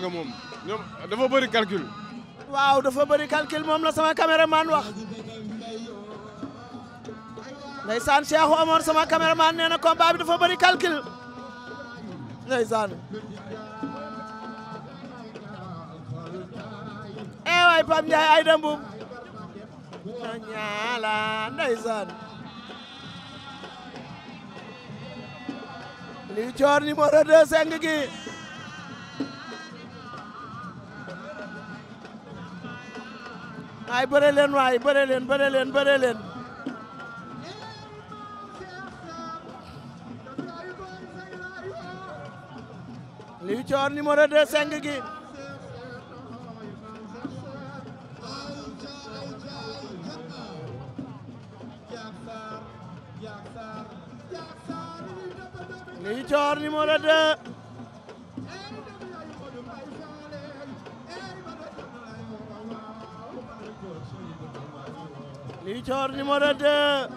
Ndiaga moom ñoom dafa bëri calcul. waaw dafa bëri calcul moom la sama caméraman wax. ndeysaan Cheikhou Omar sama caméraman nee na combat bi dafa bëri calcul. ndeysaan. eh waay Pape Ndiaye ay dembu. na ñaala ndeysaan. li coor numéro 2 seng gi. ay bëre leen waay bëre leen bëre leen bëre leen Liw Coor numéro 2 5 Licoor numéro 2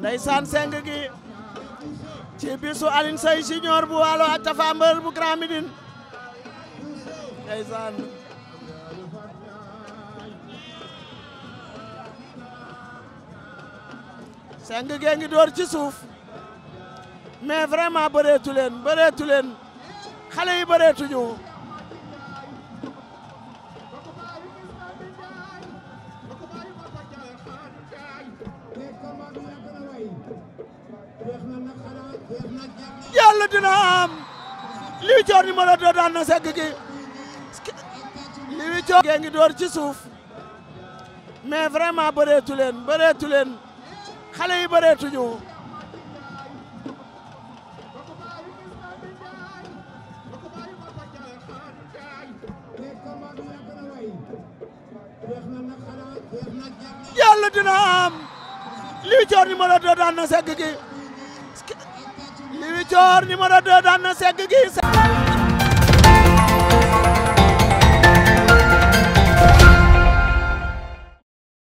ndeysaan seng gi ci bisu Alioune Seye Junior bu Waalo ak Tapha Mbeur bu Grand Médine ndeysaan seng gee ngi door ci suuf mais vraiment bëreetu leen bëreetu leen xale yi bëreetuñu yàlla dina am Liwi Coor numéro 2 daan na segg gi Liwi Coor gee ngi door ci suuf mais vraiment bëreetu leen bëreetu leen xale yi bëreetuñu yàlla dina am Liwi Coor numéro 2 daan na segg gi Libidor numéro a daan na segg gi